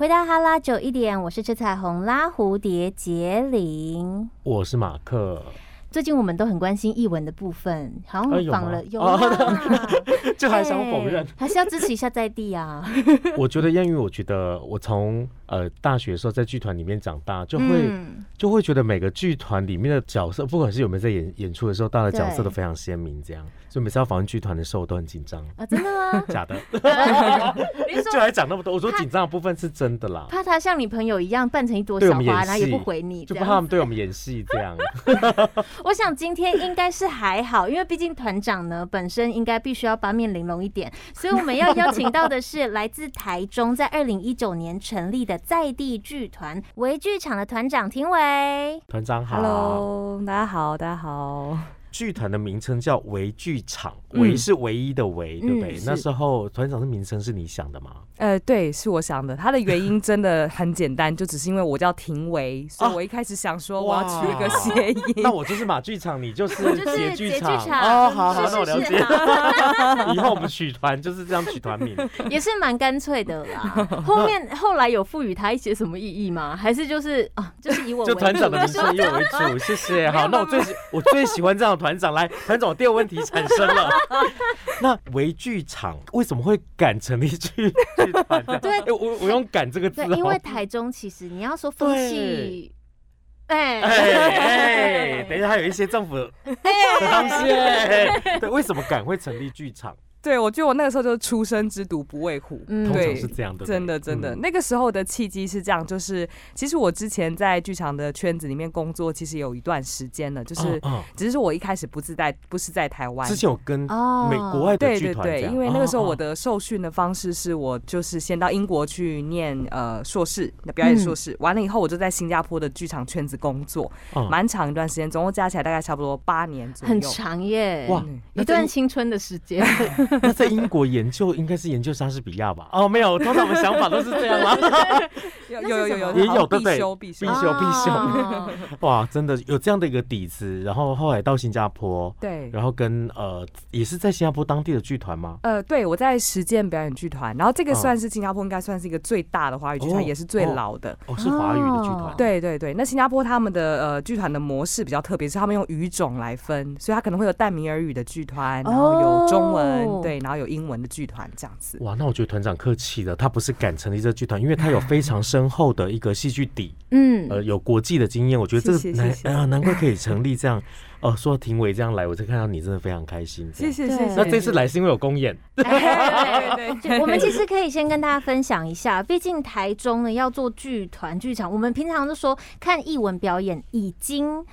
回到哈拉久一點，我是吃彩虹拉蝴蝶婕鈴，我是馬克。最近我們都很關心藝文的部分，好像綁了，呃哦、 就還想否認、欸，還是要支持一下在地啊？ 我覺得諺語，我覺得我從。呃，大學的時候在劇團裡面長大，就會、嗯、就會覺得每個劇團裡面的角色，不管是有沒有在演演出的時候，大的角色都非常鮮明這樣。所以每次要訪問劇團的時候都很緊張啊，真的嗎？假的。 就還講那麼多，我說緊張的部分是真的啦，怕他像你朋友一樣扮成一朵小花，然後也不回你，就怕他們對我們演戲這樣。 我想今天應該是還好，因為畢竟團長呢本身應該必須要八面玲瓏一點，所以我們要邀請到的是來自台中，在二零一九年成立的。在地劇團唯劇場的團長庭溦，團長好，Hello，大家好，大家好。劇團的名稱叫唯劇場，唯、嗯、是唯一的唯、嗯，對不對、嗯？那時候團長的名稱是你想的嗎？呃，對，是我想的。他的原因真的很簡單，就只是因為我叫庭溦，所以我一開始想說我要取一個諧音。那我就是馬劇場，你就是寫劇場，劇場，劇場哦。好好，那我了解。 以後我們取團就是這樣取團名，也是蠻乾脆的啦。 後面後來有賦予他一些什麼意義嗎？還是就是啊，就是以我為團長的名稱為主、啊？啊、謝謝。好，那我最 我最喜歡這樣的團長來。團長，第二問題產生了、啊。 那唯劇場為什麼會改成一句 對， 欸、我 我用“趕”這個字，因為台中其實你要說風氣，哎哎哎，等一下還有一些政府的東西 欸欸欸，對，為什麼趕會成立劇場？對，我覺得我那個時候就是初生之犢不畏虎，嗯、對，通常是這樣的。真的真的、嗯，那個時候的契機是這樣，就是其實我之前在劇場的圈子裡面工作，其實有一段時間了，就是、啊啊、只是我一開始不是在，不是在台灣。只是有跟美國外的劇團、哦、對對對，因為那個時候我的受訓的方式是我就是先到英國去念呃碩士，表演碩士、嗯，完了以後我就在新加坡的劇場圈子工作，蠻、啊、長一段時間，總共加起來大概差不多八年左右，很長耶，啊、一段青春的時間。 那在英國研究應該是研究莎士比亞吧？哦，沒有，通常我們想法都是這樣嗎、啊？ 有有有有，也有對對。必修必修、啊、必修，哇，真的有這樣的一個底子。然後後來到新加坡，對，然後跟呃，也是在新加坡當地的劇團嗎？呃，對，我在實踐表演劇團。然後這個算是新加坡應該算是一個最大的華語劇團，哦、也是最老的。哦，哦是華語的劇團、哦。對對對，那新加坡他們的呃劇團的模式比較特別，是他們用語種來分，所以他可能會有淡米爾語的劇團，然後有中文。哦對，然後有英文的劇團這樣子。哇，那我覺得團長客氣的，他不是敢成立這劇團，因為他有非常深厚的一個戲劇底，嗯，呃，有國際的經驗。我覺得這個難，哎呀，呃，難怪可以成立這樣。哦，呃，說到庭溦這樣來，我才看到你，真的非常開心。謝謝謝謝。那這次來是因為有公演。對對對，對。 我們其實可以先跟大家分享一下，畢竟台中呢要做劇團劇場，我們平常都說看藝文表演已經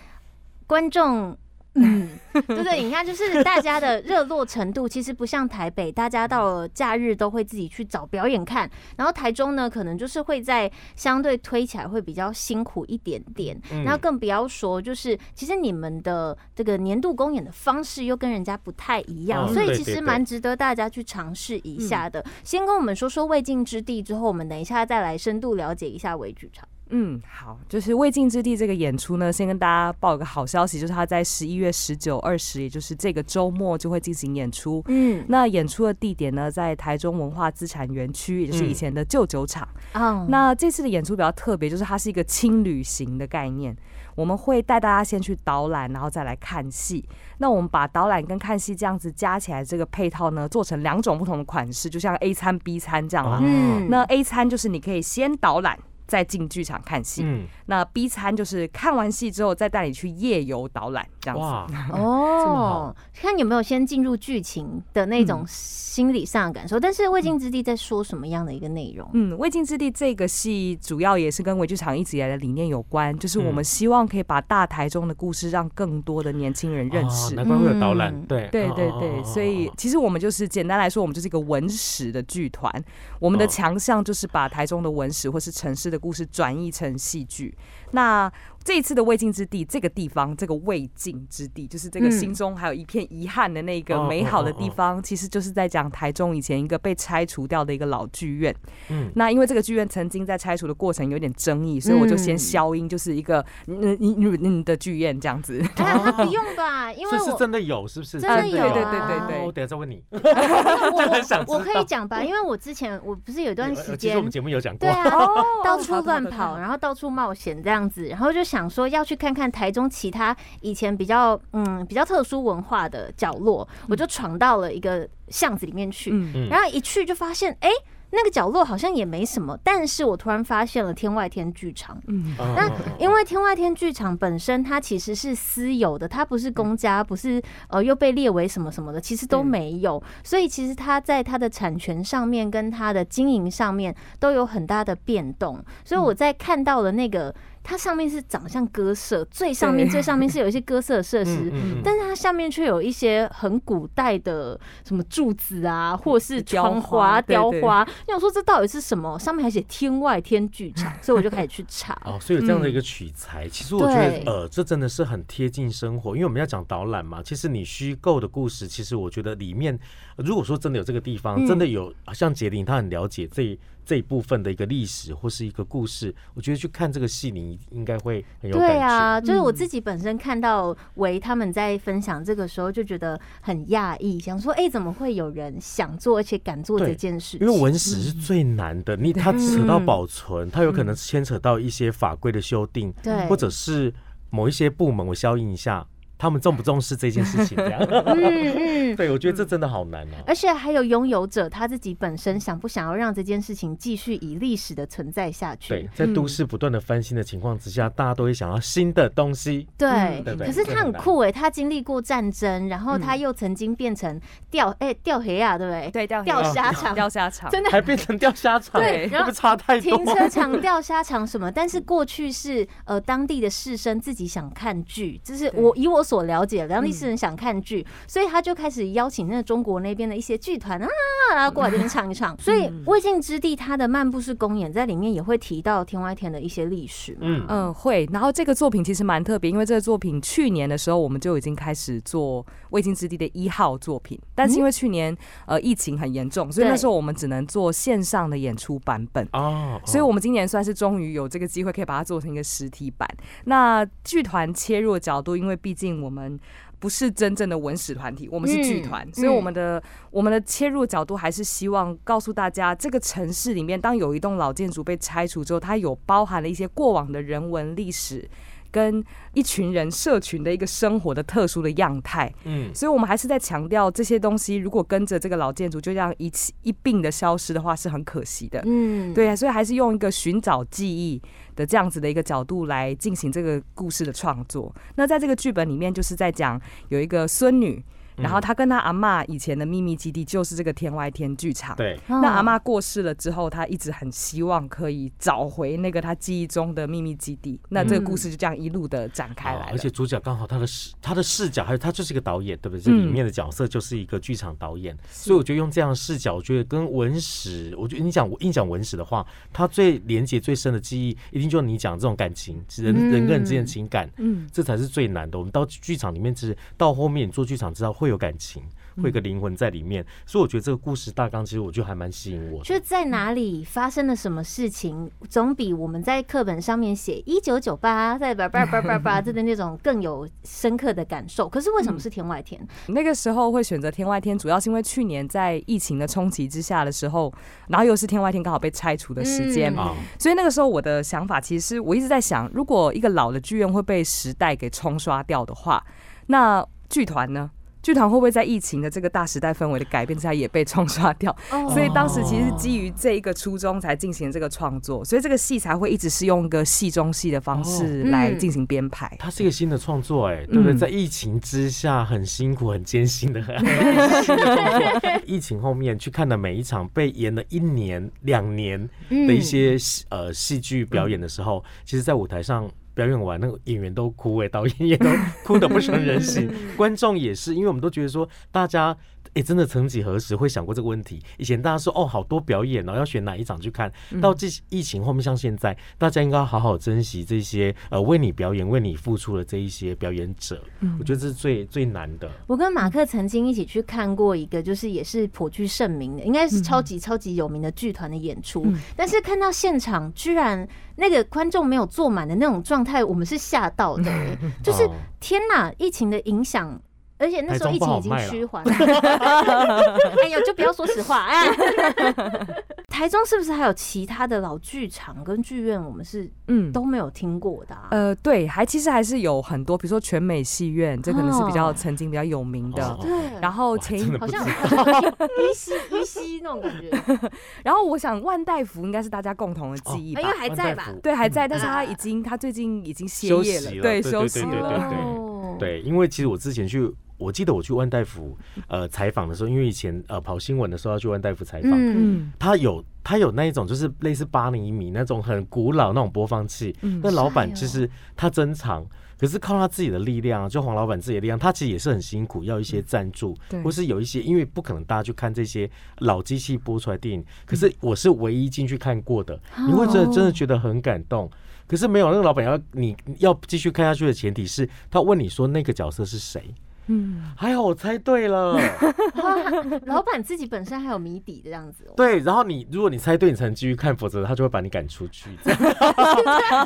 觀眾。 嗯，對對，你看，就是大家的熱絡程度，其實不像台北， 大家到了假日都會自己去找表演看。然後台中呢，可能就是會在相對推起來會比較辛苦一點點。那、嗯、更不要說，就是其實你們的這個年度公演的方式又跟人家不太一樣，啊、所以其實蠻值得大家去嘗試一下的。嗯、對對對。先跟我們說說未盡之地之後，我們等一下再來深度了解一下唯劇場。嗯，好，就是《未盡之地》這個演出呢，先跟大家報一個好消息，就是它在十一月十九、二十，也就是這個周末就會進行演出。嗯，那演出的地點呢，在台中文化資產園區，嗯，也就是以前的舊酒廠。哦、嗯，oh. 那這次的演出比較特別，就是它是一個輕旅行的概念，我們會帶大家先去導覽，然後再來看戲。那我們把導覽跟看戲這樣子加起來，這個配套呢，做成兩種不同的款式，就像 A 餐、B 餐這樣啦。嗯、oh.，那 A 餐就是你可以先導覽。再進劇場看戲，嗯，那 B 餐，就是看完戲之後再帶你去夜遊導覽，這樣子哇呵呵哦。看有沒有先進入劇情的那種心理上的感受，嗯、但是《未盡之地》在說什麼樣的一個內容？嗯，《未盡之地》這個戲主要也是跟唯劇場一直以來的理念有關，就是我們希望可以把大台中的故事讓更多的年輕人認識。難怪會有導覽，對對對對，嗯，所以其實我們就是簡單來說，我們就是一個文史的劇團，我們的強項就是把台中的文史或是城市的。故事轉譯成戲劇，那。這一次的未盡之地，這個地方，這個未盡之地，就是這個心中還有一片遺憾的那個美好的地方，嗯，其實就是在講台中以前一個被拆除掉的一個老劇院。嗯，那因為這個劇院曾經在拆除的過程有點爭議，嗯，所以我就先消音，就是一個你你你的劇院這樣子。哎，哦啊，那不用吧？因為我是，是真的有，是不是？真的有對對對對，我等下再問你。啊，我很想， 我可以講吧？因為我之前我不是有一段時間，呃呃，其實我們節目有講過，對，哦，啊，到處亂跑， 然後到處冒險這樣子，然後就想。想說要去看看台中其他以前比較嗯比較特殊文化的角落，我就闖到了一個巷子裡面去，然後一去就發現哎、欸、那個角落好像也沒什麼，但是我突然發現了天外天劇場，那因為天外天劇場本身它其實是私有的，它不是公家，不是呃又被列為什麼什麼的，其實都沒有，所以其實它在它的產權上面跟它的經營上面都有很大的變動，所以我在看到了那個。它上面是長相，像鴿舍，最上面最上面是有一些鴿舍設施、嗯嗯，但是它下面卻有一些很古代的什麼柱子啊，或是窗花雕花。你想說這到底是什麼？上面還寫“天外天劇場”，所以我就開始去查。 哦，所以有這樣的一個取材，嗯、其實我覺得呃，這真的是很貼近生活，因為我們要講導覽嘛。其實你虛構的故事，其實我覺得裡面，如果說真的有這個地方，嗯、真的有，像婕鈴他很了解這。這一部分的一個歷史或是一個故事，我覺得去看這個戲，你應該會很有感覺。對啊，就是我自己本身看到唯他們在分享這個時候，就覺得很訝異，想說：哎、欸，怎麼會有人想做而且敢做這件事情？因為文史是最難的，你它扯到保存，它有可能牽扯到一些法規的修訂，對、嗯，或者是某一些部門，我消音一下。他們重不重視這件事情這樣 嗯？嗯嗯， 對，我覺得這真的好難哦、啊。而且還有擁有者他自己本身想不想要讓這件事情繼續以歷史的存在下去？對，在都市不斷的翻新的情況之下、嗯，大家都會想要新的東西。對，嗯、對對對可是他很酷誒，他經歷過戰爭，然後他又曾經變成釣誒釣黑啊，對不對？對，釣釣蝦場，釣、啊、蝦場，真的還變成釣蝦場。對，然後差太多。停車場、釣蝦場什麼？ 但是過去是呃當地的士紳自己想看劇，就是我以我。所了解，然後第四人想看劇、嗯，所以他就開始邀請那中國那邊的一些劇團啊，啊，過來這邊唱一唱。嗯、所以《未盡之地》它的漫步式公演在裡面也會提到天外天的一些歷史，嗯嗯、呃、會。然後這個作品其實蠻特別，因為這個作品去年的時候我們就已經開始做《未盡之地》的一號作品，但是因為去年、嗯、呃疫情很嚴重，所以那時候我們只能做線上的演出版本哦。所以我們今年算是終於有這個機會可以把它做成一個實體版。那劇團切入的角度，因為畢竟，我們不是真正的文史團體，我們是劇團，嗯，所以我們的、嗯、我們的切入的角度還是希望告訴大家，這個城市裡面，當有一棟老建築被拆除之後，它有包含了一些過往的人文歷史。跟一群人社群的一個生活的特殊的樣態，嗯，所以我們還是在強調這些東西，如果跟着這個老建築就這樣一起一併的消失的話，是很可惜的，嗯，對，所以還是用一個尋找記憶的這樣子的一個角度來進行這個故事的創作。那在這個劇本裡面，就是在講有一個孫女。然後他跟他阿媽以前的秘密基地就是這個天外天劇場。對、嗯。那阿媽過世了之後，他一直很希望可以找回那個他記憶中的秘密基地。那這個故事就這樣一路的展開來、嗯啊。而且主角剛好他的視他的視角，還有他就是一個導演，對不對、嗯？這裡面的角色就是一個劇場導演。所以我覺得用這樣的視角，我覺得跟文史，我覺得你講我，你講文史的話，他最連接最深的記憶，一定就是你講這種感情，人、嗯、人跟人之間的情感。嗯。這才是最難的。我們到劇場裡面，其實到後面你做劇場知道會。會有感情，會有個靈魂在裡面、嗯，所以我覺得這個故事大綱其實我就還蠻吸引我的。就在哪裡發生了什麼事情，總比我們在課本上面寫一九九八在叭叭叭叭叭，這種那種更有深刻的感受。可是為什麼是天外天、嗯？那個時候會選擇天外天，主要是因為去年在疫情的衝擊之下的時候，然後又是天外天剛好被拆除的時間，嗯、所以那個時候我的想法其實是我一直在想，如果一個老的劇院會被時代給衝刷掉的話，那劇團呢？劇團會不會在疫情的這個大時代氛圍的改變之下也被沖刷掉？所以當時其實是基於這一個初衷才進行這個創作，所以這個戲才會一直是用一個戲中戲的方式來進行編排、哦嗯。它是一個新的創作、欸，哎、嗯，對不對？在疫情之下很辛苦、很艱辛的的創作。 疫情後面去看的每一場被演了一年、兩年的一些、嗯、呃戲劇表演的時候、嗯，其實在舞台上。表演完，那個演員都哭哎、欸，導演也都哭得不成人形， 觀眾也是，因為我們都覺得說，大家。你、欸、真的，曾幾何時會想過這個問題？以前大家說哦，好多表演哦，要選哪一場去看到？這疫情後面像現在，大家應該好好珍惜這些呃，為你表演、為你付出的這一些表演者。我覺得這是最最難的、嗯。我跟馬克曾經一起去看過一個，就是也是頗具盛名的，應該是超級超級有名的劇團的演出。但是看到現場居然那個觀眾沒有坐滿的那種狀態，我們是嚇到的。就是天哪，疫情的影響。而且那時候疫情已經趨緩了， 哎呦，就不要說實話啊、哎！ 台中是不是還有其他的老劇場跟劇院？我們是嗯都沒有聽過的、啊。呃，對，還其實還是有很多，比如說全美戲院，這可能是比較曾經比較有名的。對，然後前一好像魚戲魚戲那種感覺。哦、然後 然後我想萬代福應該是大家共同的記憶吧？應該還在吧？對，還在，但是他已經他最近已經歇業了，對，休息了、嗯。對，因為其實我之前去。我記得我去萬代福呃採訪的時候，因為以前呃跑新聞的時候要去萬代福採訪，嗯，他有他有那一種就是類似八厘米那種很古老那種播放器，那、嗯、老闆其實他珍藏、哦，可是靠他自己的力量，就黃老闆自己的力量，他其實也是很辛苦，要一些贊助、嗯，或是有一些因為不可能大家去看這些老機器播出來電影、嗯，可是我是唯一進去看過的，哦、你會真的真的覺得很感動，可是沒有那個老闆要你要繼續看下去的前提是他問你說那個角色是誰？嗯，還好我猜對了。老闆自己本身還有謎底的樣子。對，然後你如果你猜對，你才能繼續看；否則他就會把你趕出去。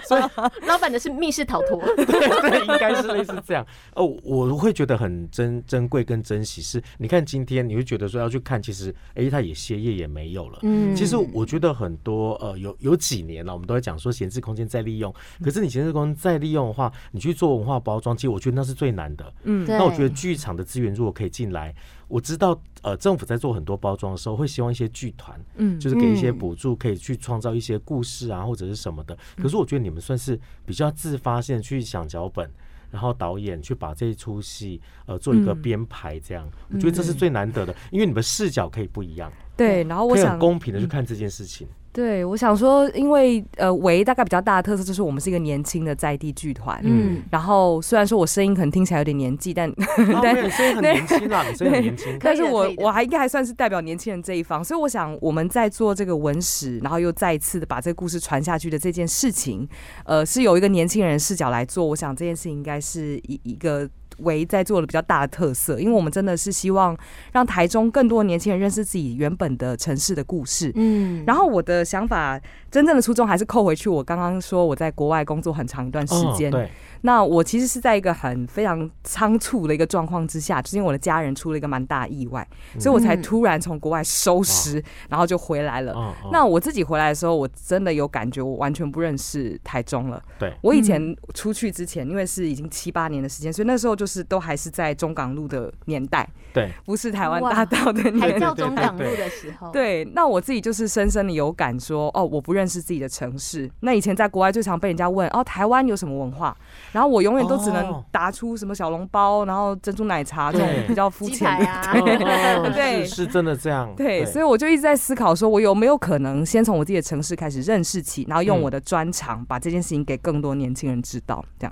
所以老闆的是密室逃脫，對，對，應該是類似這樣。哦，我會覺得很珍珍貴跟珍惜，是，你看今天你會覺得說要去看，其實，哎，他也歇業也沒有了。嗯，其實我覺得很多，呃，有有幾年了，我們都在講說閒置空間再利用。可是你閒置空間再利用的話，你去做文化包裝，其實我覺得那是最難的。嗯，那我覺得。劇場的資源如果可以進來，我知道呃，政府在做很多包裝的時候，會希望一些劇團，嗯，就是給一些補助，可以去創造一些故事啊，或者是什麼的。可是我覺得你們算是比較自發性去想腳本，然後導演去把這一出戲呃做一個編排，這樣我覺得這是最難得的，因為你們視角可以不一樣。對，然後我想公平的去看這件事情。對，我想說，因為呃，唯一大概比較大的特色就是我們是一個年輕的在地劇團，嗯，然後雖然說我聲音可能聽起來有點年紀，但你聲音很年輕啦，你聲音很年輕，但是我 我還應該還算是代表年輕人這一方，所以我想我們在做這個文史，然後又再一次的把這個故事傳下去的這件事情，呃，是由一個年輕人視角來做，我想這件事情應該是一一個。為在做了比較大的特色，因為我們真的是希望讓台中更多年輕人認識自己原本的城市的故事。嗯，然後我的想法，真正的初衷還是扣回去。我剛剛說我在國外工作很長一段時間。哦，對。那我其實是在一個很非常倉促的一個狀況之下，就是、因為我的家人出了一個蠻大的意外、嗯，所以我才突然從國外收拾，然後就回來了、嗯。那我自己回來的時候，我真的有感覺，我完全不認識台中了。對我以前出去之前、嗯，因為是已經七八年的時間，所以那時候就是都還是在中港路的年代，對，不是台灣大道的年代，還叫中港路的時候。 對，那我自己就是深深的有感說，哦，我不認識自己的城市。那以前在國外最常被人家問，哦，台灣有什麼文化？然後我永遠都只能答出什麼小籠包，哦、然後珍珠奶茶這種比較膚淺的對，啊對哦。對，是是真的這樣，對。對，所以我就一直在思考說，說我有沒有可能先從我自己的城市開始認識起，然後用我的專長把這件事情給更多年輕人知道，嗯、這樣。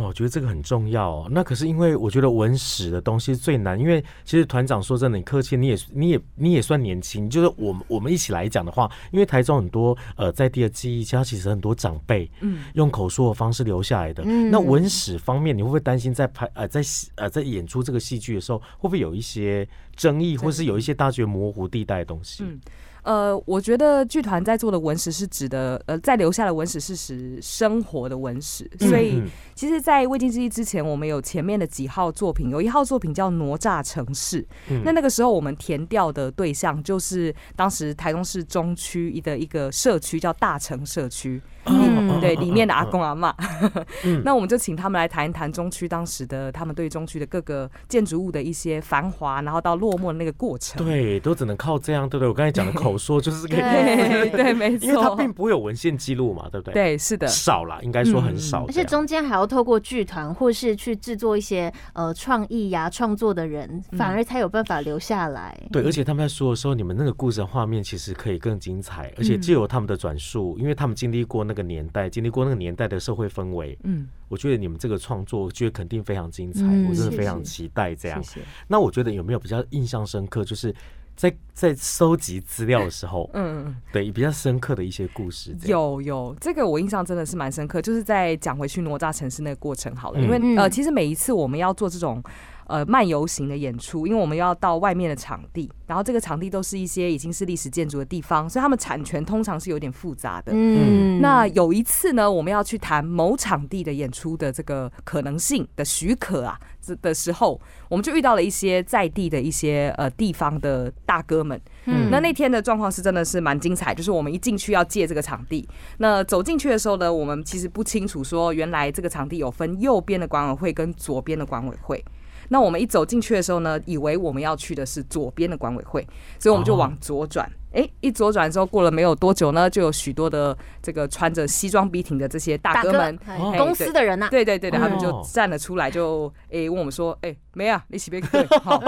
哦，我覺得這個很重要。哦，那可是因為我覺得文史的東西最難，因為其實團長說真的，你客氣，你也你也你也算年輕。就是我們我們一起來講的話，因為台中很多呃在地的記憶家，加其實很多長輩，嗯，用口述的方式留下來的。嗯，那文史方面，你會不會擔心在拍呃在戲呃在演出這個戲劇的時候，會不會有一些？爭議或是有一些大學模糊地帶的東西，嗯，呃，我覺得劇團在做的文史是指的，呃，在留下的文史是指生活的文史，所以其實，在未盡之地之前，我們有前面的幾號作品，有一號作品叫哪吒城市、嗯，那那個時候我們田調的對象就是當時台中市中區一的一個社區叫大城社區。嗯，嗯，對，裡面的阿公阿媽，嗯嗯、 那我們就請他們來談一談中區當時的他們對中區的各個建築物的一些繁華，然後到落寞的那個過程。對，都只能靠這樣，對不對，對？我剛才講的口說就是這個， 對，沒錯，因為他並不會有文獻記錄嘛，對不對？對，是的，少啦，應該說很少、嗯，而且中間還要透過劇團或是去制作一些呃創意呀、啊、創作的人，反而才有辦法留下來。對，而且他們在說的時候，你們那個故事的畫面其實可以更精彩，而且藉由他們的轉述，因為他們經歷過那個。個年代，經歷過那個年代的社會氛圍，嗯，我覺得你們這個創作，我覺得肯定非常精彩，嗯、我真的非常期待這樣，謝謝。那我覺得有沒有比較印象深刻，就是在在收集資料的時候，嗯，對比較深刻的一些故事，有有？這個我印象真的是蠻深刻，就是在講回去哪吒城市那個過程好了，因為、嗯、呃，其實每一次我們要做這種。呃，漫遊型的演出，因為我們要到外面的場地，然後這個場地都是一些已經是歷史建築的地方，所以他們產權通常是有點複雜的。嗯，那有一次呢，我們要去談某場地的演出的這個可能性的許可啊，這的時候我們就遇到了一些在地的一些呃地方的大哥們。嗯，那那天的狀況是真的是蠻精彩，就是我們一進去要借這個場地，那走進去的時候呢，我們其實不清楚說原來這個場地有分右邊的管委會跟左邊的管委會。那我們一走進去的時候呢，以為我們要去的是左邊的管委會，所以我們就往左轉。誒、哦欸，一左轉之後，過了沒有多久呢，就有許多的這個穿着西裝筆挺的這些大哥們，哥哦欸、公司的人呢、啊，對對對，對、嗯哦、他們就站了出來，就誒、欸、問我們說，誒、欸。沒有、啊，你起別客好，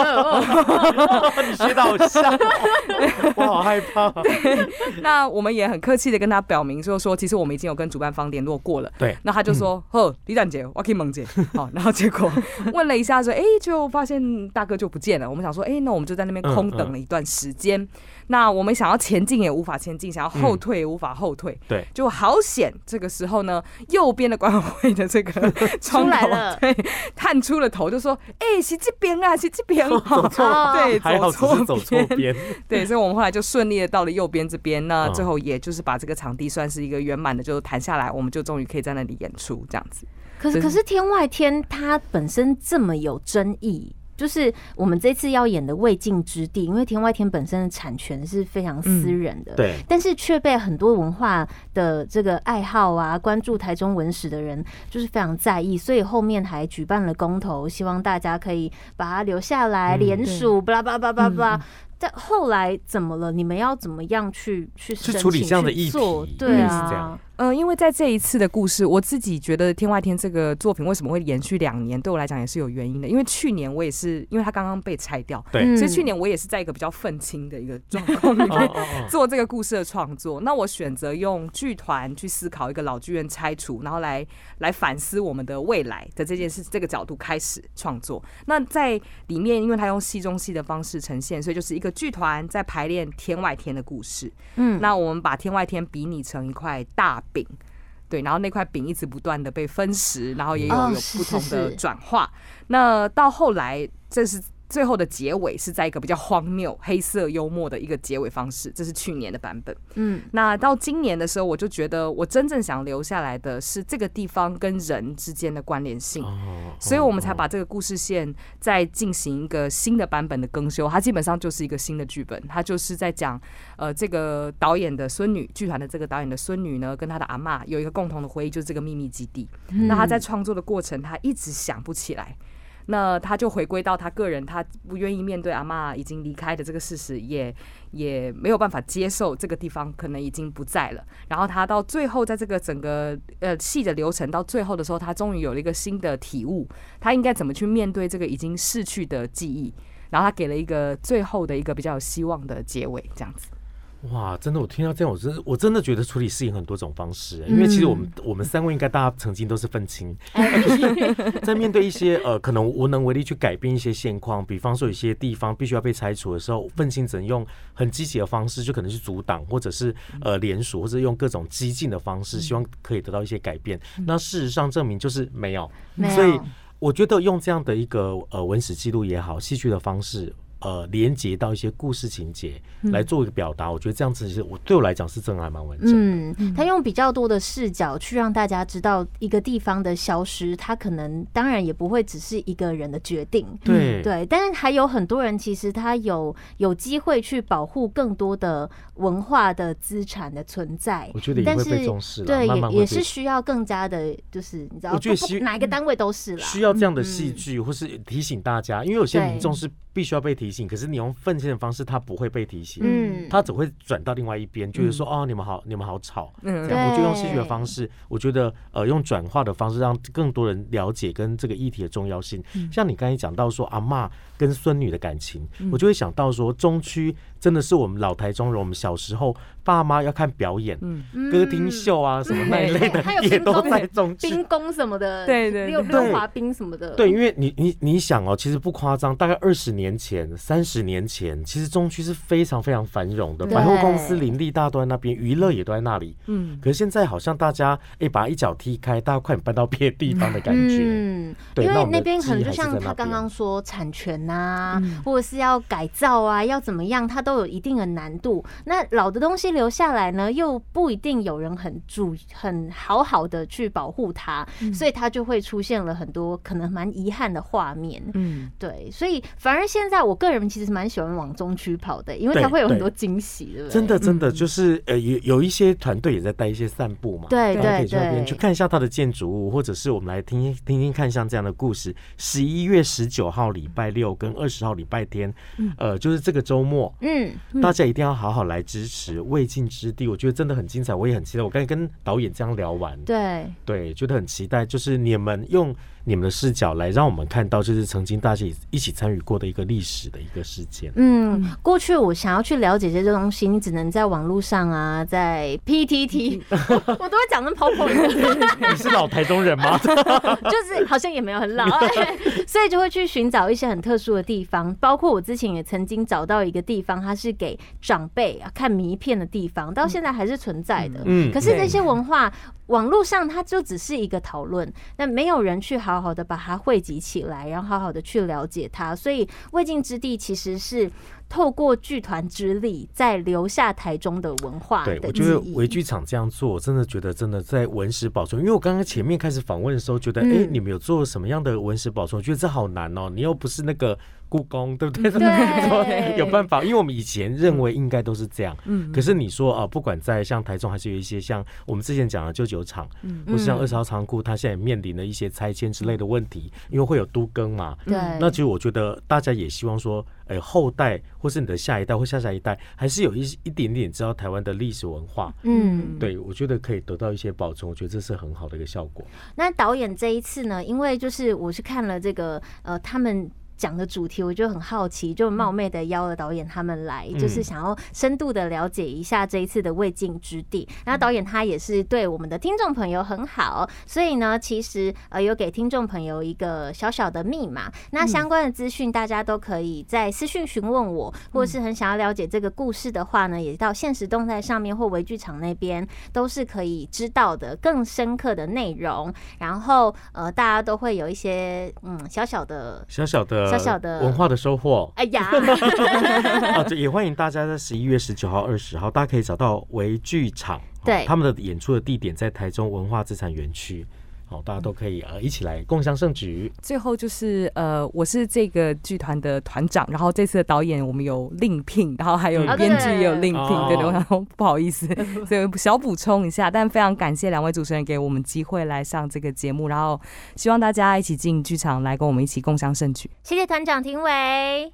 你摔好下，我好害怕、啊 對。那我們也很客氣的跟他表明，就是說其實我們已經有跟主辦方聯絡過了。對。那他就說：“呵、嗯，你等一下，我去問一下。 ”好，然後結果問了一下，說：“哎、欸，就發現大哥就不見了。”我們想說：“哎、欸，那我們就在那邊空等了一段時間。嗯嗯”那我們想要前進也無法前進，想要後退也無法後退。嗯、對。就好險，這個時候呢，右邊的管委會的這個出來了對，探出了頭就說：“哎、欸。”欸、是這邊啊，是這邊、喔，走錯， 對，走錯，走錯邊，對，所以我們後來就順利的到了右邊這邊，那最後也就是把這個場地算是一個圓滿的就談下來，我們就終於可以在那裡演出這樣子。 可，可是，可是《天外天》它本身這麼有爭議。就是我們這次要演的未盡之地，因為天外天本身的產權是非常私人的，嗯、對，但是卻被很多文化的這個愛好啊、關注台中文史的人，就是非常在意，所以後面還舉辦了公投，希望大家可以把它留下來，嗯、連署，巴拉巴拉巴拉巴拉、嗯。但後來怎麼了？你們要怎麼樣去去申請處理這樣的議題？對啊。嗯、呃，因為在這一次的故事，我自己覺得《天外天》這個作品為什麼會延續兩年，對我來講也是有原因的。因為去年我也是，因為它剛剛被拆掉，對，所以去年我也是在一個比較憤青的一個狀況裡面、嗯、做這個故事的創作。 那我選擇用劇團去思考一個老劇院拆除，然後來來反思我們的未來的這件事，這個角度開始創作。那在裡面，因為它用戲中戲的方式呈現，所以就是一個劇團在排練《天外天》的故事。嗯，那我們把《天外天》比擬成一塊大餅，對，然後那塊餅一直不斷的被分食，然後也有有不同的轉化。哦，是是是。那到後來，這是。最後的結尾是在一個比較荒謬、黑色幽默的一個結尾方式，這是去年的版本。嗯，那到今年的時候，我就覺得我真正想留下來的是這個地方跟人之間的關聯性，所以我們才把這個故事線再進行一個新的版本的更修，它基本上就是一個新的劇本，它就是在講呃這個導演的孫女劇團的這個導演的孫女呢，跟他的阿嬤有一個共同的回憶，就是這個秘密基地。嗯。那他在創作的過程，他一直想不起來。那他就回歸到他個人，他不願意面對阿嬤已經離開的這個事實也，也也沒有辦法接受這個地方可能已經不在了。然後他到最後，在這個整個呃戲的流程到最後的時候，他終於有了一個新的體悟，他應該怎麼去面對這個已經逝去的記憶？然後他給了一個最後的一個比較有希望的結尾，這樣子。哇，真的，我聽到這樣，我真的，我真的覺得處理事情很多種方式、欸，因為其實我們、嗯、我們三位應該大家曾經都是憤青，嗯、 在面對一些呃可能無能為力去改變一些現況，比方說有些地方必須要被拆除的時候，憤青只能用很積極的方式，就可能去阻擋或者是呃連署，或者用各種激進的方式，希望可以得到一些改變。那事實上證明就是沒有，嗯、所以我覺得用這樣的一個呃文史記錄也好，戲劇的方式。呃，連接到一些故事情節來做一個表達、嗯，我覺得這樣子其實我對我來講是真的還蠻完整的。嗯，他用比較多的視角去讓大家知道一個地方的消失，他可能當然也不會只是一個人的決定。嗯、對對，但是還有很多人其實他有有機會去保護更多的文化的資產的存在。我覺得也會,會被重視，對，也也是需要更加的，就是你知道，我覺得哪一個單位都是了，需要這樣的戲劇、嗯、或是提醒大家，因為有些民眾是。必須要被提醒，可是你用奉獻的方式，他不會被提醒，嗯，他只會轉到另外一邊，就是說、嗯，哦，你們好，你們好吵，嗯，我就用戲劇的方式，我覺得，呃，用轉化的方式，讓更多人了解跟這個議題的重要性。嗯、像你剛才講到說，阿嬤跟孫女的感情、嗯，我就會想到說，中區真的是我們老台中人，嗯、我們小時候。爸媽要看表演，嗯、歌廳秀啊什麼那一類的、嗯嗯也還有冰，也都在中冰宮什麼的，對對對，有溜滑冰什麼的。對，對因為你你你想哦，其實不誇張，大概二十年前、三十年前，其實中區是非常非常繁榮的，百貨公司林立，大都在那邊，娛樂也都在那裡。嗯，可是現在好像大家哎、欸、把它一腳踢開，大家快點搬到別的地方的感覺。嗯，對，因為那邊可能就像他剛剛說，產權啊，或者是要改造啊，要怎麼樣，它都有一定的難度。那老的東西。留下來呢，又不一定有人很注、很好好的去保護它，嗯，所以它就會出現了很多可能蠻遺憾的畫面。嗯，對，所以反而現在我個人其實蠻喜歡往中區跑的，欸，因為它會有很多驚喜，真的，真的，嗯、就是呃，有有一些團隊也在帶一些散步嘛，對對對，可以去那邊去看一下它的建築物，或者是我們來聽聽聽看像這樣的故事。十一月十九號禮拜六跟二十號禮拜天，嗯，呃，就是這個周末，嗯，大家一定要好好來支持唯。盡之地，我覺得真的很精彩，我也很期待。我剛才跟導演這樣聊完，對對，覺得很期待，就是你們用。你們的視角來，讓我們看到這是曾經大家一起參與過的一個歷史的一個事件。嗯，過去我想要去了解這些東西，你只能在網絡上啊，在 PTT， 我都會講成 popo 的。你是老台中人嗎？ 就是好像也沒有很老， 所以就會去尋找一些很特殊的地方。包括我之前也曾經找到一個地方，它是給長輩看謎片的地方，到現在還是存在的。嗯，可是那些文化。網絡上，它就只是一個討論，那沒有人去好好的把它匯集起來，然後好好的去了解它，所以未盡之地其實是。透過劇團之力，在留下台中的文化的。對，我覺得唯劇場這樣做，我真的覺得真的在文史保存。因為我剛剛前面開始訪問的時候，覺得哎、嗯欸，你們有做什麼樣的文史保存？我覺得這好難哦，你又不是那個故宮，對不對？對 有辦法？因為我們以前認為應該都是這樣。嗯。可是你說啊，不管在像台中，還是有一些像我們之前講的舊酒廠，嗯，或是像二十號倉庫，它現在面臨了一些拆遷之類的問題，因為會有都更嘛。對。那其實我覺得大家也希望說。哎、呃，後代或是你的下一代或下下一代，還是有一一點點知道台灣的歷史文化。嗯，對我覺得可以得到一些保存，我覺得這是很好的一個效果。那導演這一次呢？因為就是我是看了這個，呃，他們。講的主題，我就很好奇，就冒昧的邀了導演他們來，就是想要深度的了解一下這一次的未盡之地。嗯。那導演他也是對我們的聽眾朋友很好，嗯、所以呢，其實呃有給聽眾朋友一個小小的密碼，那相關的資訊大家都可以在私訊詢問我，嗯、或是很想要了解這個故事的話呢，嗯、也到現實動態上面或唯劇場那邊都是可以知道的更深刻的內容。然後呃大家都會有一些嗯小小的小小的。小小的小小的文化的收穫。哎呀、 啊，也歡迎大家在十一月十九號、二十號，大家可以找到唯劇場，哦、對他們的演出的地點在台中文化資產園區。好，大家都可以呃，一起來共襄盛舉。最後就是，呃，我是這個劇團的團長，然後這次的導演我們有另聘，然後還有編劇也有另聘，嗯嗯另聘哦、對，對、哦，然後不好意思，所以小補充一下，但非常感謝兩位主持人給我們機會來上這個節目，然後希望大家一起進劇場來跟我們一起共襄盛舉。謝謝團長、庭溦。